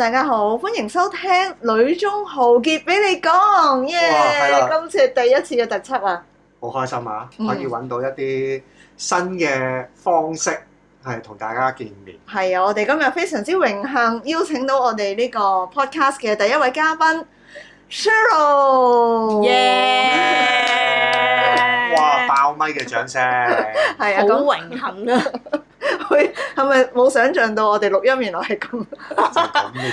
大家好，歡迎收聽呂鍾豪傑俾你講，耶！今次第一次嘅特輯啊，好開心啊，可以揾到一啲新嘅方式係同大家見面。係啊，我哋今日非常之榮幸，邀請到我哋呢個 podcast 嘅第一位嘉賓，Cheryl，耶！哇，爆咪嘅掌聲，係啊，咁榮幸啊！佢係咪冇想象到我哋錄音原來係咁？唔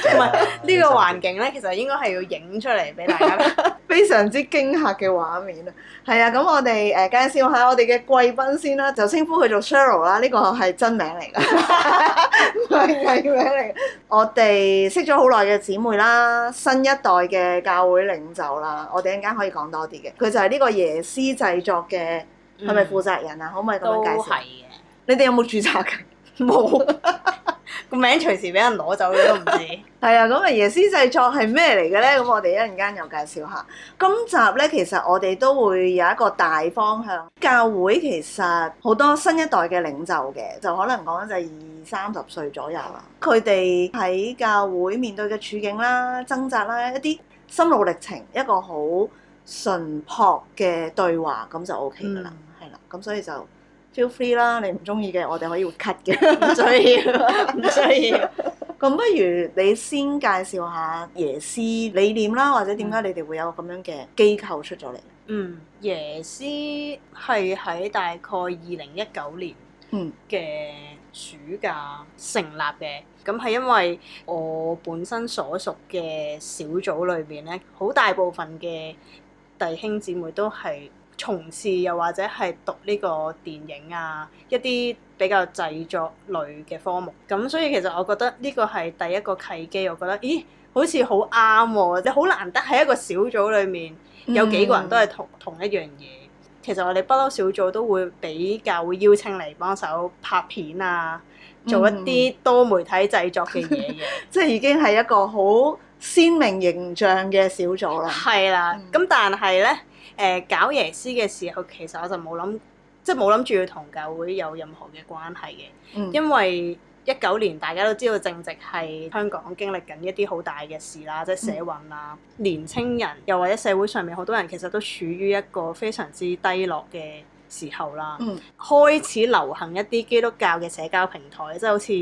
係呢個環境咧，其實應該係要影出嚟俾大家 非常之驚嚇嘅畫面啊！係啊，咁、呃、我哋誒間先，我睇我哋嘅貴賓先啦，就稱呼佢做 Cheryl 啦，呢個係真名嚟㗎，唔係 藝名嚟。我哋識咗好耐嘅姊妹啦，新一代嘅教會領袖啦，我哋陣間可以講多啲嘅，佢就係呢個耶絲製作嘅係咪負責人啊？嗯、可唔可以咁樣介紹？你哋有冇註冊㗎？冇，個 名隨時俾人攞走，你都唔知。係 啊，咁啊，耶絲製作係咩嚟嘅咧？咁我哋一陣間又介紹下。今集咧，其實我哋都會有一個大方向。教會其實好多新一代嘅領袖嘅，就可能講就係二三十歲左右啦。佢哋喺教會面對嘅處境啦、掙扎啦、一啲心路歷程，一個好純樸嘅對話，咁就 OK 㗎啦，係啦、嗯。咁、啊、所以就。feel free 啦，你唔中意嘅，我哋可以 cut 嘅，唔 需要，唔需要。咁 不如你先介紹下耶絲理念啦，或者點解你哋會有咁樣嘅機構出咗嚟？嗯，耶絲係喺大概二零一九年嘅暑假成立嘅，咁係、嗯、因為我本身所屬嘅小組裏邊咧，好大部分嘅弟兄姊妹都係。從事又或者係讀呢個電影啊，一啲比較製作類嘅科目，咁所以其實我覺得呢個係第一個契機，我覺得咦，好似好啱，即係好難得喺一個小組裏面有幾個人都係同同一樣嘢。嗯、其實我哋不嬲小組都會比較會邀請嚟幫手拍片啊，做一啲多媒體製作嘅嘢嘅，嗯嗯、 即係已經係一個好鮮明形象嘅小組啦。係啦、嗯，咁但係呢。誒、呃、搞耶絲嘅時候，其實我就冇諗，即係冇諗住要同教會有任何嘅關係嘅，嗯、因為一九年大家都知道正值係香港經歷緊一啲好大嘅事啦，即係社運啊，嗯、年青人又或者社會上面好多人其實都處於一個非常之低落嘅時候啦。嗯、開始流行一啲基督教嘅社交平台，即係、嗯、好似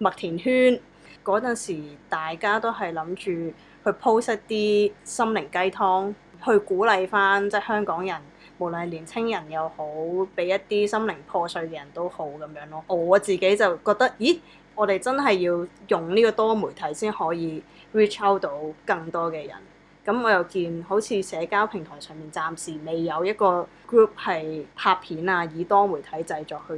麥田圈嗰陣時，大家都係諗住去 post 一啲心靈雞湯。去鼓勵翻即係香港人，無論係年青人又好，俾一啲心靈破碎嘅人都好咁樣咯。我自己就覺得，咦，我哋真係要用呢個多媒體先可以 reach out 到更多嘅人。咁我又見好似社交平台上面暫時未有一個 group 係拍片啊，以多媒體製作去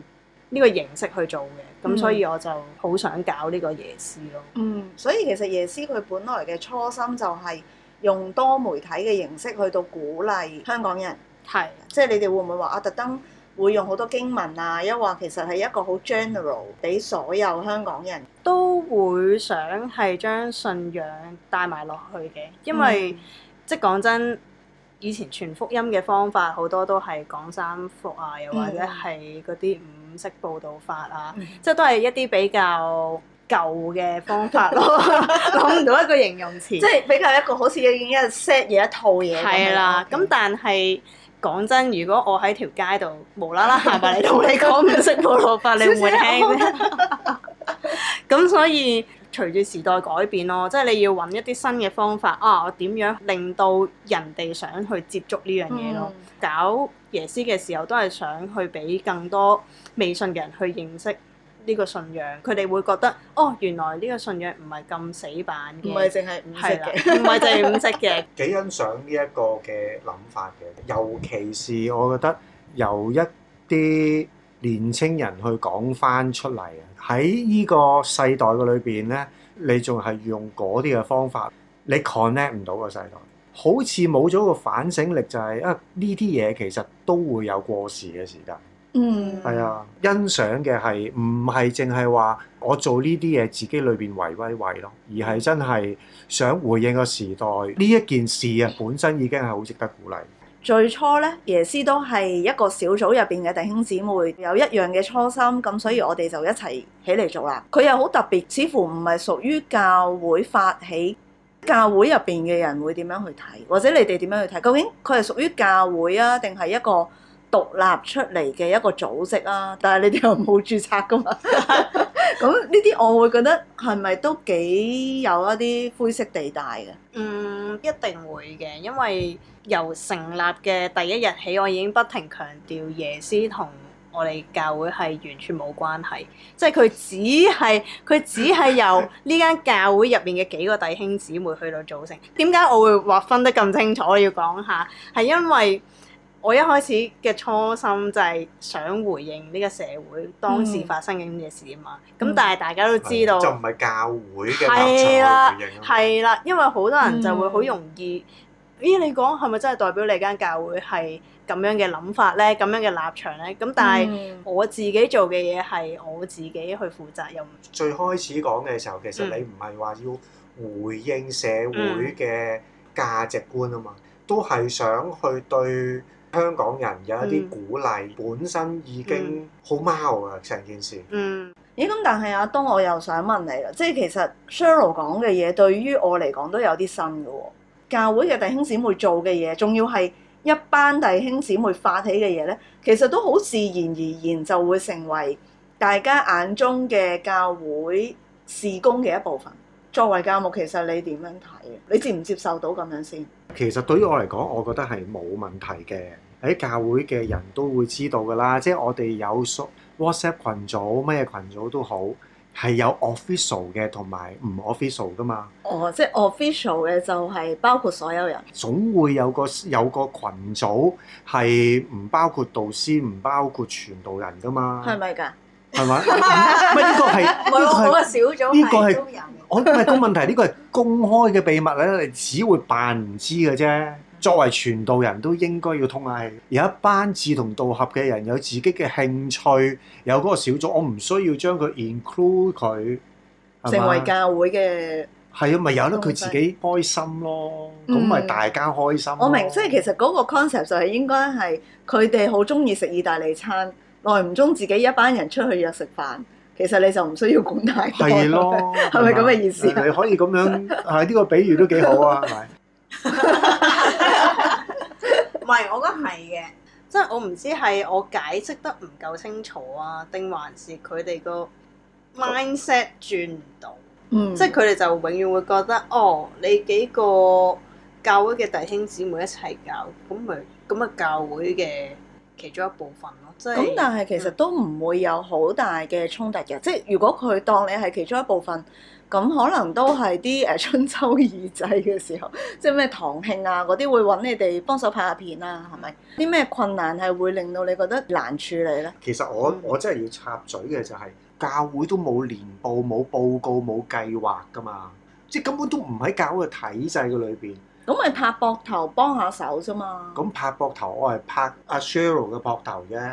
呢、這個形式去做嘅。咁所以我就好想搞呢個耶絲咯。嗯，嗯，所以其實耶絲佢本來嘅初心就係、是。用多媒體嘅形式去到鼓勵香港人，係是，即係你哋會唔會話啊？特登會用好多經文啊，一話其實係一個好 general，俾所有香港人都會想係將信仰帶埋落去嘅，因為、嗯、即係講真，以前傳福音嘅方法好多都係講三福啊，又或者係嗰啲五色佈道法啊，嗯、即係都係一啲比較，舊嘅方法咯，講唔 到一個形容詞。 即係比較一個好似已經一 set 完一套嘢。係啦了，咁、嗯、但係講真，如果我喺條街度無啦啦行埋嚟同你講唔識普羅法，你會聽咩？咁 所以隨住時代改變咯，即係你要揾一啲新嘅方法啊！我點樣令到人哋想去接觸呢樣嘢咯？嗯、搞耶絲嘅時候都係想去俾更多未信嘅人，人去認識。呢個信仰，佢哋會覺得哦，原來呢個信仰唔係咁死板，唔係淨係五色嘅，唔係淨係五色嘅。幾欣賞呢一個嘅諗法嘅，尤其是我覺得由一啲年青人去講返出嚟，喺呢個世代嘅裏邊咧，你仲係用嗰啲嘅方法，你 connect 唔到個世代，好似冇咗個反省力就係、啊，因呢啲嘢其實都會有過時嘅時間。嗯，係啊，欣賞嘅係唔係淨係話我做呢啲嘢自己裏邊為威位咯，而係真係想回應個時代呢一件事啊，本身已經係好值得鼓勵。最初呢，耶絲都係一個小組入邊嘅弟兄姊妹有一樣嘅初心，咁所以我哋就一齊起嚟做啦。佢又好特別，似乎唔係屬於教會發起，教會入邊嘅人會點樣去睇，或者你哋點樣去睇？究竟佢係屬於教會啊，定係一個？獨立出嚟嘅一個組織啦、啊，但係你哋又冇註冊噶嘛？咁呢啲我會覺得係咪都幾有一啲灰色地帶嘅？嗯，一定會嘅，因為由成立嘅第一日起，我已經不停強調耶絲同我哋教會係完全冇關係，即係佢只係佢只係由呢間教會入邊嘅幾個弟兄姊妹去到組成。點解我會劃分得咁清楚？我要講下係因為。我一開始嘅初心就係想回應呢個社會當時發生緊嘅事啊嘛，咁、嗯、但係大家都知道就唔係教會嘅立場回應。係啦，係啦，因為好多人就會好容易咦、嗯欸？你講係咪真係代表你間教會係咁樣嘅諗法咧？咁樣嘅立場咧？咁但係我自己做嘅嘢係我自己去負責任。嗯、最開始講嘅時候，其實你唔係話要回應社會嘅價值觀啊嘛，都係想去對。香港人有一啲鼓勵，嗯、本身已經好貓啊！成、嗯、件事，嗯，咦咁？但係阿東，我又想問你啦，即係其實 Cheryl 講嘅嘢對於我嚟講都有啲新嘅喎、哦。教會嘅弟兄姊妹做嘅嘢，仲要係一班弟兄姊妹發起嘅嘢咧，其實都好自然而然就會成為大家眼中嘅教會事工嘅一部分。作為教牧，其實你點樣睇？你接唔接受到咁樣先？其實對於我嚟講，我覺得係冇問題嘅。喺教會嘅人都會知道㗎啦，即係我哋有 WhatsApp 羣組，咩群組都好，係有 official 嘅同埋唔 official 㗎嘛。哦，即係 official 嘅就係包括所有人。總會有個有個羣組係唔包括導師，唔包括傳道人㗎嘛？係咪㗎？係咪？唔呢 個係，唔 個小組，呢 個係，我唔係個問題。呢個係公開嘅秘密咧，你只會扮唔知嘅啫。作為傳道人都應該要通下氣。有一班志同道合嘅人，有自己嘅興趣，有嗰個小組，我唔需要將佢 include 佢，成為教會嘅 。係啊，咪由得佢自己開心咯。咁咪、嗯、大家開心。我明，即係其實嗰個 concept 就係應該係佢哋好中意食意大利餐。耐唔中自己一班人出去約食飯，其實你就唔需要管太多囉，係咪咁嘅意思？你可以咁樣，係呢 個比喻都幾好啊，係咪？唔係， 我覺得係嘅，即係我唔知係我解釋得唔夠清楚啊，定還是佢哋個 mindset 轉唔到？嗯，即係佢哋就永遠會覺得哦，你幾個教會嘅弟兄姊妹一齊教，咁咪咁咪教會嘅。其中一部分咯，即係咁，但係其實都唔會有好大嘅衝突嘅，即係如果佢當你係其中一部分，咁可能都係啲誒春秋二季嘅時候，即係咩堂慶啊嗰啲會揾你哋幫手拍下片啊，係咪？啲咩困難係會令到你覺得難處理呢？其實我我真係要插嘴嘅就係、是、教會都冇年報、冇報告、冇計劃噶嘛，即係根本都唔喺教會嘅體制裏邊。咁咪拍膊頭幫下手啫嘛！咁拍膊頭、啊嗯，我係拍阿 Cheryl 嘅膊頭啫，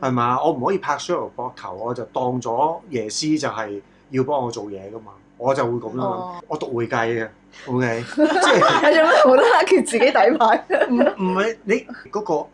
係嘛？我唔可以拍 Cheryl 膊頭，我就當咗耶絲就係要幫我做嘢噶嘛，我就會咁樣。哦、我讀會計嘅，OK、 就係。即係做咩好啦？揭自己底牌。唔係你嗰、嗰個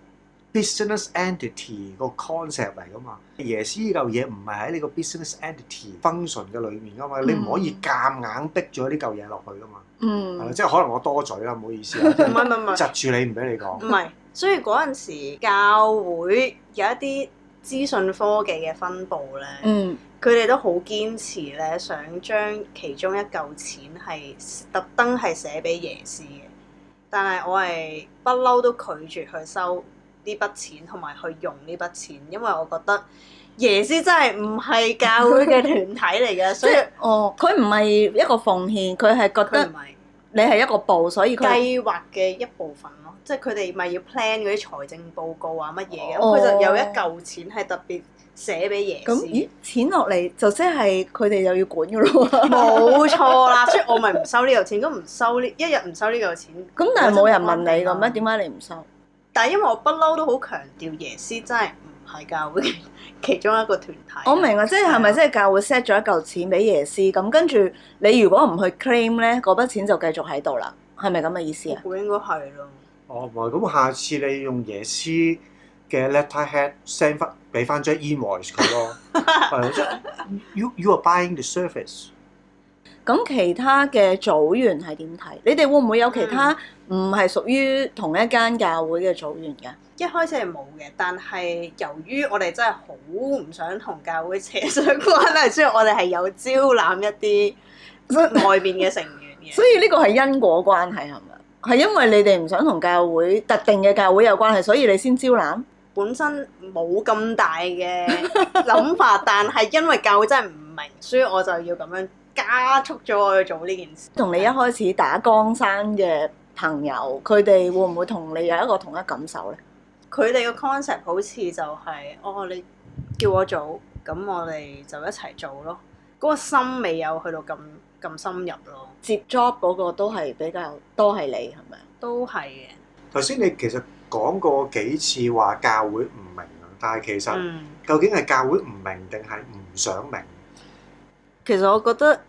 business entity 個 concept 嚟噶嘛？耶絲呢嚿嘢唔係喺你個 business entity function 嘅裏面噶嘛？嗯、你唔可以夾硬逼咗呢嚿嘢落去噶嘛？嗯，uh，即係可能我多嘴啦，唔好意思，唔係唔係，窒住你唔俾你講。唔係，所以嗰陣時教會有一啲資訊科技嘅分部咧，嗯，佢哋都好堅持咧，想將其中一嚿錢係特登係寫俾耶絲嘅，但係我係不嬲都拒絕去收。呢筆錢同埋去用呢筆錢，因為我覺得耶絲真係唔係教會嘅團體嚟嘅，所以 哦，佢唔係一個奉獻，佢係覺得你係一個部，所以計劃嘅一部分咯，即係佢哋咪要 plan 嗰啲財政報告啊乜嘢嘅，咁佢就有一嚿錢係特別寫俾耶絲，嗯，咦，錢落嚟就即係佢哋又要管嘅咯，冇 錯啦，所以我咪唔收呢嚿錢，咁唔收呢、這個、一日唔收呢嚿錢，咁但係冇人問你嘅咩？點解你唔收？但係因為我不嬲都好強調耶絲真係唔係教會其中一個團體。我明啊，即係係咪即係教會 set 咗一嚿錢俾耶絲咁，跟住你如果唔去 claim 咧，嗰筆錢就繼續喺度啦，係咪咁嘅意思啊？應該係咯。哦，唔係，咁下次你用耶絲嘅 letterhead send 翻俾翻張 invoice 佢咯。係，即係 you you are buying the service。咁其他嘅組員係點睇？你哋會唔會有其他唔係屬於同一間教會嘅組員嘅、嗯？一開始係冇嘅，但係由於我哋真係好唔想同教會扯上關係，所以我哋係有招攬一啲外邊嘅成員嘅。 所以呢個係因果關係，係咪？係因為你哋唔想同教會特定嘅教會有關係，所以你先招攬？本身冇咁大嘅諗法， 但係因為教會真係唔明，所以我就要咁樣。加速咗我去做呢件事，同你一開始打江山嘅朋友，佢哋會唔會同你有一個同一感受咧？佢哋嘅 concept 好似就係，哦，你叫我做，咁我哋就一齊做咯。嗰個心未有去到咁咁深入咯。接 job 嗰個都係比較都係你係咪？都係嘅。頭先你其實講過幾次話教會唔明，但係其實究竟係教會唔明定係唔想明？其實我覺得。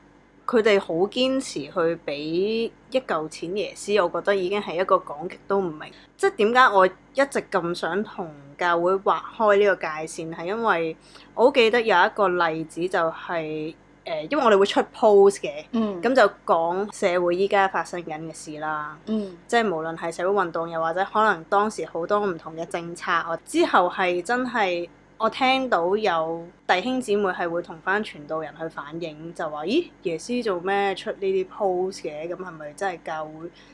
佢哋好堅持去俾一嚿錢耶絲，我覺得已經係一個講極都唔明。即係點解我一直咁想同教會劃開呢個界線？係因為我好記得有一個例子，就是，就係誒，因為我哋會出 post 嘅，咁、嗯、就講社會依家發生緊嘅事啦。嗯、即係無論係社會運動又，又或者可能當時好多唔同嘅政策，我之後係真係。我聽到有弟兄姊妹係會同翻傳道人去反映，就話：咦，耶絲做咩出呢啲 post 嘅？咁係咪真係教會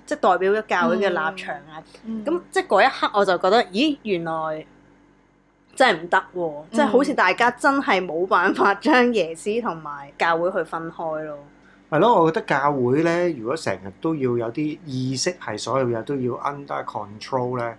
即係代表咗教會嘅立場啊？咁、嗯嗯、即係嗰一刻我就覺得：咦，原來真係唔得喎！嗯、即係好似大家真係冇辦法將耶絲同埋教會去分開咯。係咯，我覺得教會咧，如果成日都要有啲意識係所有嘢都要 under control 咧，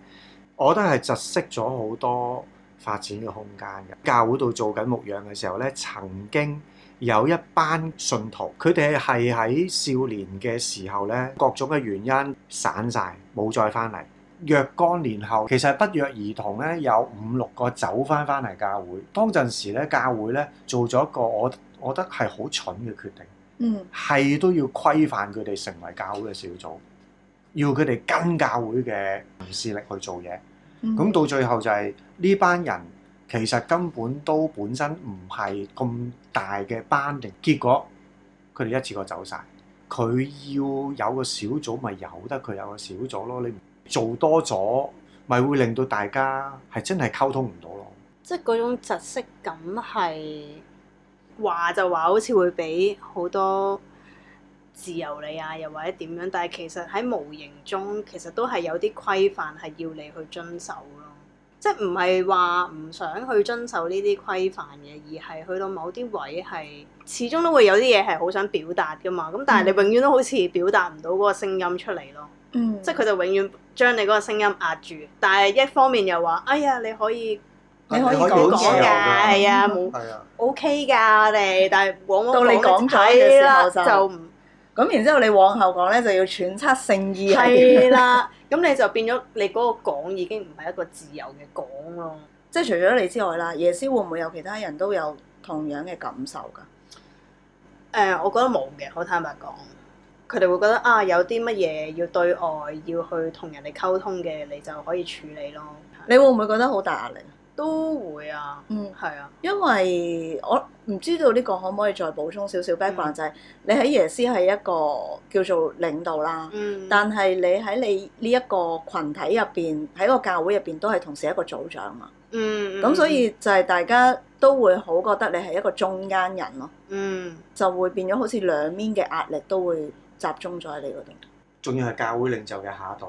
我都係窒息咗好多。發展嘅空間嘅教會度做緊牧養嘅時候咧，曾經有一班信徒，佢哋係喺少年嘅時候咧，各種嘅原因散晒，冇再翻嚟。若干年後，其實不約而同咧，有五六個走翻翻嚟教會。當陣時咧，教會咧，做咗一個我覺得係好蠢嘅決定，係、嗯、都要規範佢哋成為教會嘅小組，要佢哋跟教會嘅視力去做嘢。咁、嗯、到最後就係、是、呢班人其實根本都本身唔係咁大嘅班，定結果佢哋一次過走晒。佢要有個小組咪由得佢有個小組咯。你做多咗咪會令到大家係真係溝通唔到咯。即係嗰種窒息感係話就話好似會俾好多自由你啊，又或者點樣，但係其實喺無形中，其實都係有啲規範係要你去遵守咯。即係唔係話唔想去遵守呢啲規範嘅，而係去到某啲位係始終都會有啲嘢係好想表達噶嘛。咁但係你永遠都好似表達唔到嗰個聲音出嚟咯。嗯。即係佢就永遠將你嗰個聲音壓住。但係一方面又話哎呀，你可以，你可以講㗎，係啊，冇，OK 噶，我哋。但係往往到你講，嘅時候就唔。咁然之後你往後講咧，就要揣測聖意喺邊啦。咁你就變咗你嗰個講已經唔係一個自由嘅講咯。嗯、 即係除咗你之外啦，耶絲會唔會有其他人都有同樣嘅感受㗎？誒、呃，我覺得冇嘅，好坦白講，佢哋會覺得啊，有啲乜嘢要對外要去同人哋溝通嘅，你就可以處理咯。你會唔會覺得好大壓力？都會啊，嗯，係啊，因為我唔知道呢個可唔可以再補充少少 background，就係你喺耶絲係一個叫做領導啦，嗯，但係你喺你呢一個群體入邊，喺個教會入邊都係同時一個組長嘛，嗯，嗯，咁所以就係大家都會好覺得你係一個中間人咯，嗯，就會變咗好似兩面嘅壓力都會集中咗喺你嗰度，仲要係教會領袖嘅下一代。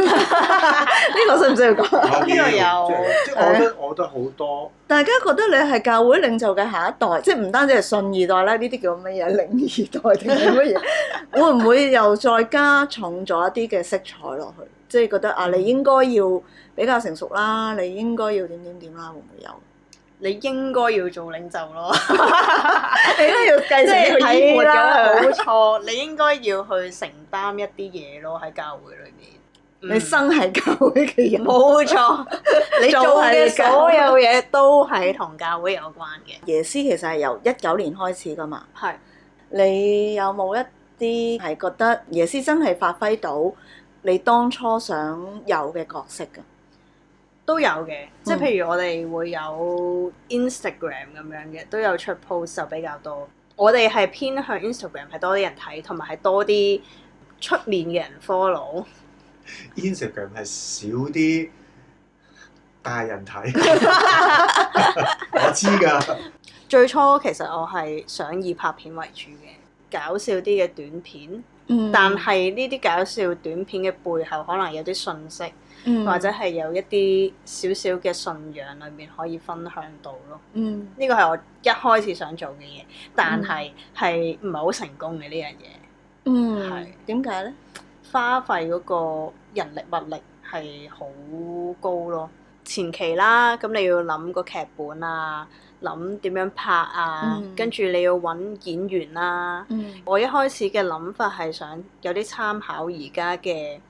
呢 個使唔使講？呢個、啊、有， 即我覺得嗎我覺得好多。大家覺得你係教會領袖嘅下一代，即係唔單止係信二代咧，呢啲叫乜嘢？領二代定係乜嘢？ 會唔會又再加重咗一啲嘅色彩落去？即係覺得啊，你應該要比較成熟啦，你應該要點點點啦，會唔會有？你應該要做領袖咯，你都要繼續去挑戰啦。冇 錯，你應該要去承擔一啲嘢咯，喺教會裏面。你生係教會嘅人，冇錯、嗯。 你做嘅所有嘢都係同教會有關嘅。耶絲其實係由一九年開始噶嘛。係是。你有冇一啲係覺得耶絲真係發揮到你當初想有嘅角色嘅？都有嘅，嗯、即係譬如我哋會有 Instagram 咁樣嘅，都有出 post 就比較多。我哋係偏向 Instagram 係多啲人睇，同埋係多啲出面嘅人 follow。Instagram 係少啲大人睇， 我知㗎道。最初其實我係想以拍片為主嘅，搞笑啲嘅短片。嗯。但係呢啲搞笑短片嘅背後，可能有啲信息，嗯。或者係有一啲少少嘅信仰裏面可以分享到咯。嗯。呢個係我一開始想做嘅嘢，但係係唔係好成功嘅呢樣嘢？嗯。係點解呢？花費嗰個人力物力係好高咯，前期啦，咁你要諗個劇本啊，諗點樣拍啊，嗯、跟住你要揾演員啦、啊。嗯、我一開始嘅諗法係想有啲參考而家嘅，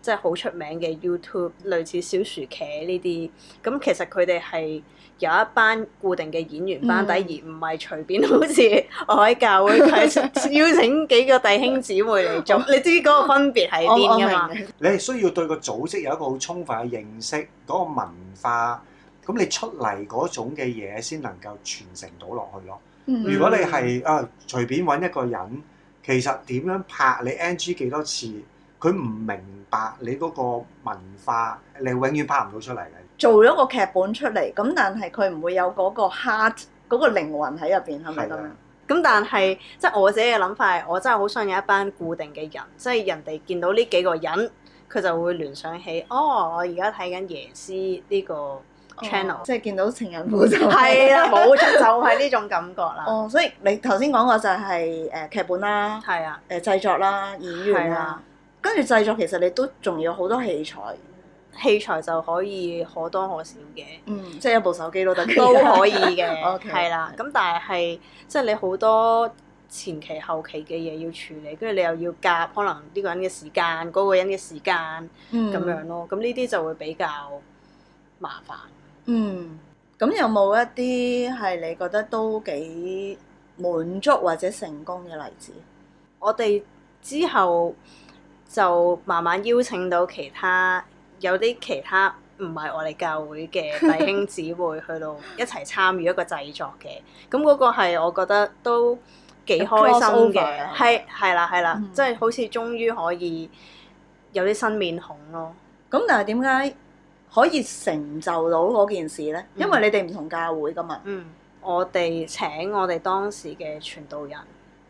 即係好出名嘅 YouTube，類似小薯茄呢啲，咁其實佢哋係，有一班固定嘅演員班底，嗯、而唔係隨便好似我喺教會，佢係邀請幾個弟兄姊妹嚟做， 我你知嗰個分別喺邊㗎嘛？你係需要對個組織有一個好充分嘅認識，嗰、嗰個文化，咁你出嚟嗰種嘅嘢先能夠傳承到落去咯。嗯、如果你係啊、呃、隨便揾一個人，其實點樣拍你 NG 幾多次，佢唔明白你嗰個文化，你永遠拍唔到出嚟嘅。做咗個劇本出嚟，咁但係佢唔會有嗰個 heart 嗰個靈魂喺入邊，係咪咁樣？咁的但係，即、就、係、是、我自己嘅諗法係，我真係好想有一班固定嘅人，即、就、係、是、人哋見到呢幾個人，佢就會聯想起，哦，我而家睇緊《耶絲、哦》呢個 channel，即係見到情人故事係啊，冇、哦、 錯，錯，就係、是、呢種感覺啦。哦，所以你頭先講過就係、是、誒、呃、劇本啦，誒的、呃、製作啦，演員啦，的的跟住製作其實你都仲要好多器材。器材就可以可多可少嘅，嗯、即係一部手機都得都可以嘅，OK，係啦。咁但係即係你好多前期後期嘅嘢要處理，跟住你又要夾可能呢個人嘅時間，嗰、嗰個人嘅時間咁、嗯、樣咯。咁呢啲就會比較麻煩。嗯，咁有冇一啲係你覺得都幾滿足或者成功嘅例子？我哋之後就慢慢邀請到其他。有啲其他唔係我哋教會嘅弟兄姊妹去到一齊參與一個製作嘅，咁嗰 個係我覺得都幾開心嘅。係係啦係啦，即 係樂、嗯、好似終於可以有啲新面孔咯。咁但係點解可以成就到嗰件事呢？嗯、因為你哋唔同教會噶嘛。嗯。我哋請我哋當時嘅傳道人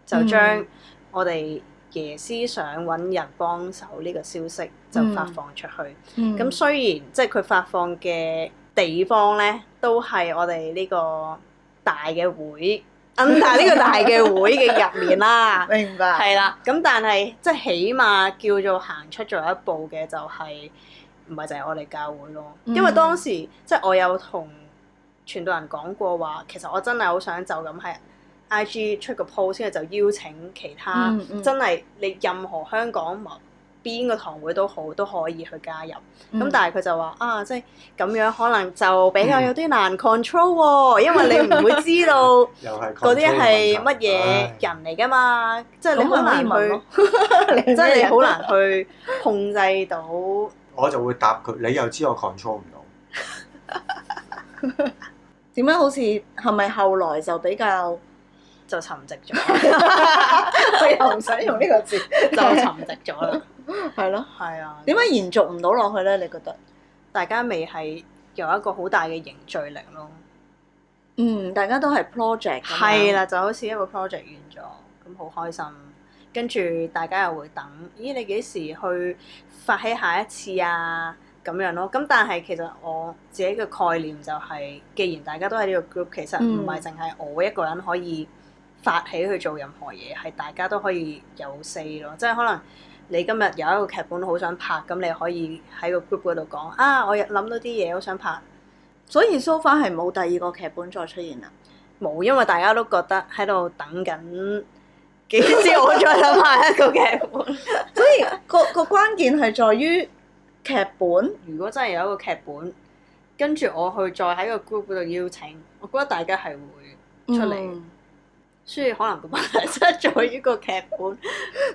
就將、嗯、我哋。耶絲想揾人幫手呢個消息就發放出去。咁、嗯嗯、雖然即係佢發放嘅地方呢，都係我哋呢個大嘅會， 嗯、但係呢個大嘅會嘅入面 白啦，明白係啦。咁但係即係起碼叫做行出咗一步嘅、就係，係就係唔係就係我哋教會咯？嗯、因為當時即係、就係、我有同傳道人講過話，其實我真係好想就咁係。I G 出個 post 就邀請其他，嗯嗯、真係你任何香港邊個堂會都好，都可以去加入。咁、嗯、但係佢就話啊，即係咁樣可能就比較有啲難 control，哦嗯、因為你唔會知道嗰啲係乜嘢人嚟㗎嘛，即係你好難去，即係你好難去控制到、嗯。我就會答佢，你又知我 control 唔到。點解好似係咪後來就比較？就沉寂咗， 我又唔使用呢個字， 就沉寂咗啦 了。係咯了，係啊。點解延續唔到落去咧？你覺得大家未係有，有一個好大嘅凝聚力咯？嗯，大家都係 project 係啦，就好似一個 project 完咗，咁好開心。跟住大家又會等，咦？你幾時去發起下一次啊？咁樣咯。咁但係其實我自己嘅概念就係、是，既然大家都喺呢個 group，其實唔係淨係我一個人可以、嗯。發起去做任何嘢，係大家都可以有四咯，即係可能你今日有一個劇本好想拍，咁你可以喺個 group 嗰度講啊，我諗到啲嘢好想拍，所以 so far 係冇第二個劇本再出現啦，冇，因為大家都覺得喺度等緊，幾時我再諗埋一,一個劇本， 所以個個關鍵係在於劇本。 如果真係有一個劇本，跟住我去再喺個 group 嗰度邀請，我覺得大家係會出嚟、嗯。所以可能個問題出在於個劇本，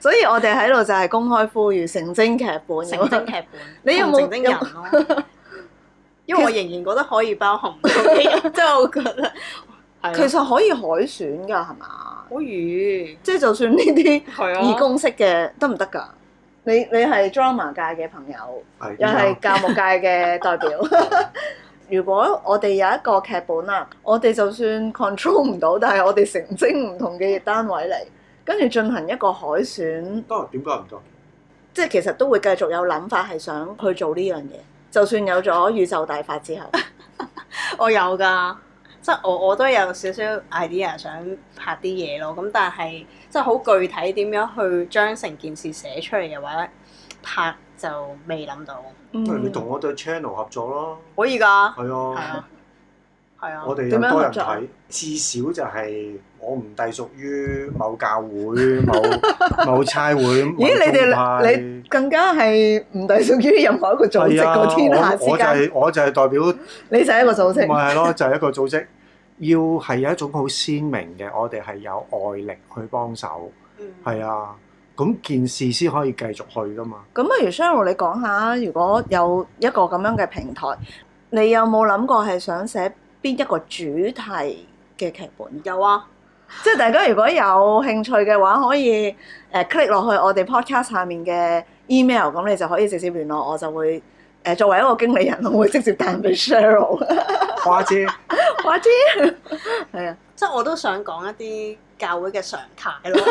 所以我哋喺度就係公開呼籲成精劇本，成精劇本，你有冇成精人咯、啊？ 因為我仍然覺得可以包容，即係 我覺得， 其實可以海選㗎，係嘛 吧？好遠，即係就算呢啲義工式嘅得唔得㗎？你你係 drama 界嘅朋友， 又係教育界嘅代表。 如果我哋有一個劇本啊，我哋就算 control 唔到，但係我哋成精唔同嘅單位嚟，跟住進行一個海選。當然點解唔得？即係其實都會繼續有諗法係想去做呢樣嘢，就算有咗宇宙大法之後， 我有噶，即係我我都有少少 idea 想拍啲嘢咯。咁但係即係好具體點樣去將成件事寫出嚟嘅話，拍。就未諗到。嗯。你同我對 channel 合作咯。可以㗎。係啊。係啊。我哋咁多人睇，至少就係我唔隸屬於某教會、某某差會。咦？你哋你更加係唔隸屬於任何一個組織個天下之間。我就係我就係代表。你就係一個組織。咪係咯，就係一個組織。要係有一種好鮮明嘅，我哋係有外力去幫手。係啊。咁件事先可以繼續去㗎嘛？咁不如 Cheryl，你講下，如果有一個咁樣嘅平台，你有冇諗過係想寫邊一個主題嘅劇本？有啊，即係大家如果有興趣嘅話，可以誒 click 落去我哋 podcast 下面嘅 email，咁你就可以直接聯絡我，我就會誒作為一個經理人，我會直接彈俾 Cheryl。話之，話之，係啊，即係我都想講一啲。教會嘅常態咯，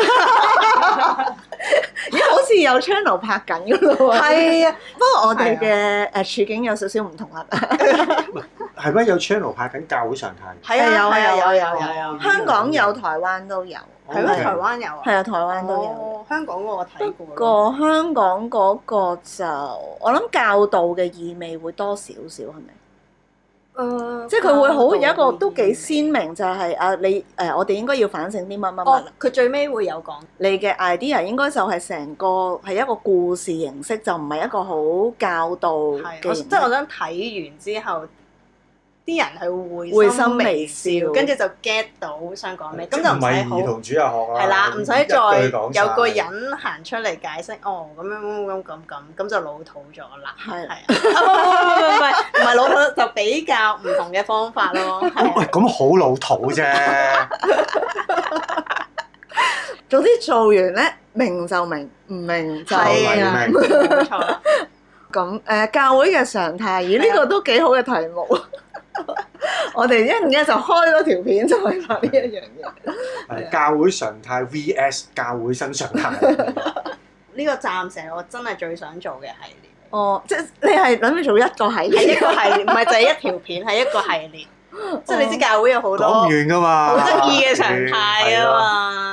而家好似有 channel 拍緊㗎咯喎。係啊，不過我哋嘅誒處境有少少唔同啦。係咩？有 channel 拍緊教會常態？係啊，有啊有有有有。香港有，台灣都有。係咩？台灣有啊。係啊，台灣都有。香港嗰個睇過。不過香港嗰個就我諗教導嘅意味會多少少係咪？誒，即係佢會好有一個都幾鮮明，就係啊，你誒，我哋應該要反省啲乜乜乜。哦，佢最尾會有講。你嘅 idea 應該就係成個係一個故事形式，就唔係一個好教導嘅，即係我想睇完之後，啲人係會會心微笑，跟住就 get 到想講咩，咁就唔係好同主日學啦。係啦，唔使再有個人行出嚟解釋哦，咁樣咁咁咁咁，咁就老土咗啦。係，係就比較唔同嘅方法咯。喂，咁好、哦欸、老土啫。總 之做完咧，明就明，唔明就唔、是、明。咁誒 錯、呃，教會嘅常態，而、呃、呢、這個都幾好嘅題目。 我哋一唔一就開咗條片出嚟拍呢一樣嘢。係 教會常態 V.S. 教會新常態。呢 個暫時我真係最想做嘅係。哦，即係你係諗住做一個系列，一個系列，唔係就係一條片，係一個系列。即係你知教會有好多講唔完噶嘛，好得意嘅場景啊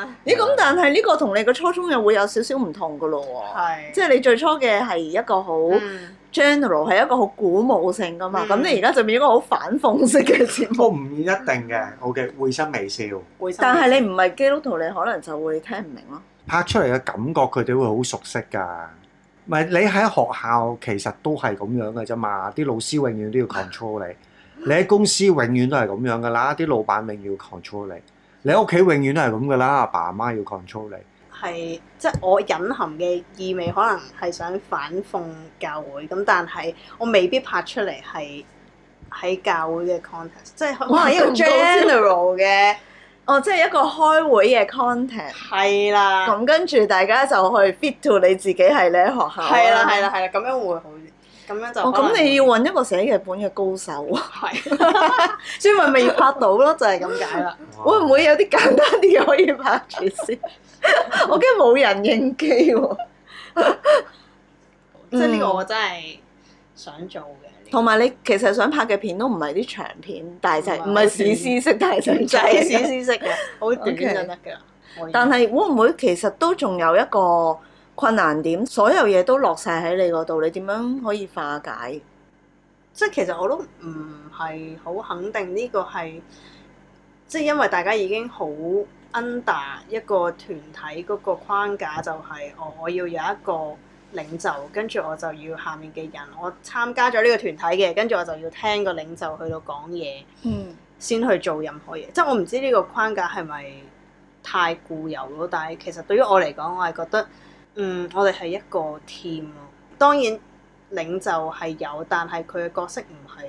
嘛。咦，咁但係呢個同你嘅初衷又會有少少唔同噶咯喎。係。即係你最初嘅係一個好 general，係一個好鼓舞性噶嘛。咁你而家就變一個好反諷式嘅節目。我唔一定嘅，OK，會心微笑。但係你唔係基督徒，你可能就會聽唔明咯。拍出嚟嘅感覺，佢哋會好熟悉㗎。唔係你喺學校其實都係咁樣嘅啫嘛，啲老師永遠都要 control 你；你喺公司永遠都係咁樣噶啦，啲老闆永遠要 control 你；你喺屋企永遠都係咁噶啦，阿爸阿媽要 control 你。係即係我隱含嘅意味，可能係想反諷教會咁，但係我未必拍出嚟係喺教會嘅 context，即係我哇係一個 general 嘅。哦，oh, 即係一個開會嘅 content。係啦。咁跟住大家就去 fit to 你自己係你喺學校、啊。係啦，係啦，係啦，咁樣會好啲。咁樣就好。哦，咁你要揾一個寫劇本嘅高手。係。所以咪未拍到咯，就係咁解啦。哇會唔會有啲簡單啲可以拍住先？ 我驚冇人應機喎。 即係呢個，我真係～想做嘅，同埋你其實想拍嘅片都唔係啲長片大隻，唔係史詩式大製作，史詩式嘅， 好短就得㗎。但係會唔會其實都仲有一個困難點，所有嘢都落晒喺你嗰度，你點樣可以化解？即係其實我都唔係好肯定呢個係，即係因為大家已經好 under 一個團體嗰個框架，就係哦，我要有一個。領袖，跟住我就要下面嘅人，我參加咗呢個團體嘅，跟住我就要聽個領袖去到講嘢，嗯、先去做任何嘢。即係我唔知呢個框架係咪太固有咯？但係其實對於我嚟講，我係覺得，嗯，我哋係一個 team 咯。當然領袖係有，但係佢嘅角色唔係。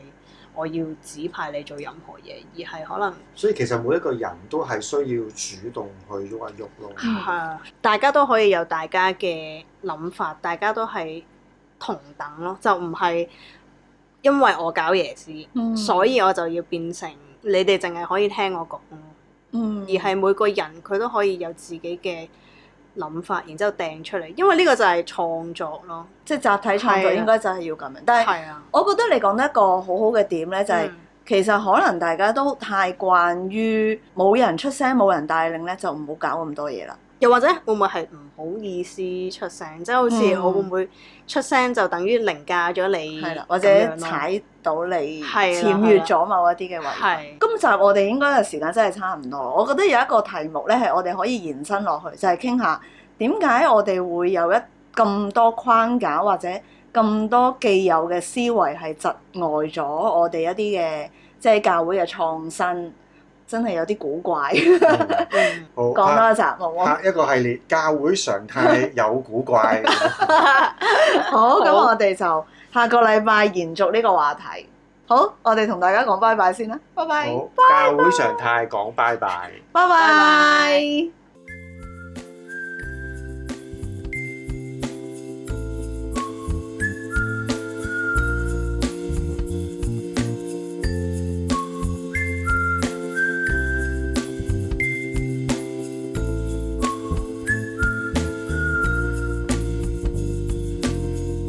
我要指派你做任何嘢，而係可能。所以其實每一個人都係需要主動去喐一喐咯。係 大家都可以有大家嘅諗法，大家都係同等咯，就唔係因為我搞耶絲，嗯，所以我就要變成你哋淨係可以聽我講，嗯，而係每個人佢都可以有自己嘅。諗法，然之後掟出嚟，因為呢個就係創作咯，即係集體創作應該就係要咁樣。但係我覺得你講得一個好好嘅點咧，就係、是嗯、其實可能大家都太慣於冇人出聲、冇人帶領咧，就唔好搞咁多嘢啦。又或者會唔會係唔好意思出聲？即係好似我會唔會出聲就等於凌駕咗你、嗯，咁樣？或者踩到你、僭越咗某一啲嘅位？咁就我哋應該嘅時間真係差唔多。我覺得有一個題目咧係我哋可以延伸落去，就係、係、傾下點解我哋會有一咁多框架或者咁多既有嘅思維係窒礙咗我哋一啲嘅即係教會嘅創新。真係有啲古怪 好，講多一集，拍一個系列，教會常態有古怪。 好，咁好我哋就下個禮拜延續呢個話題。好，我哋同大家講拜拜先啦，拜拜，好 bye bye 教會常態講拜拜，拜拜 bye。Bye bye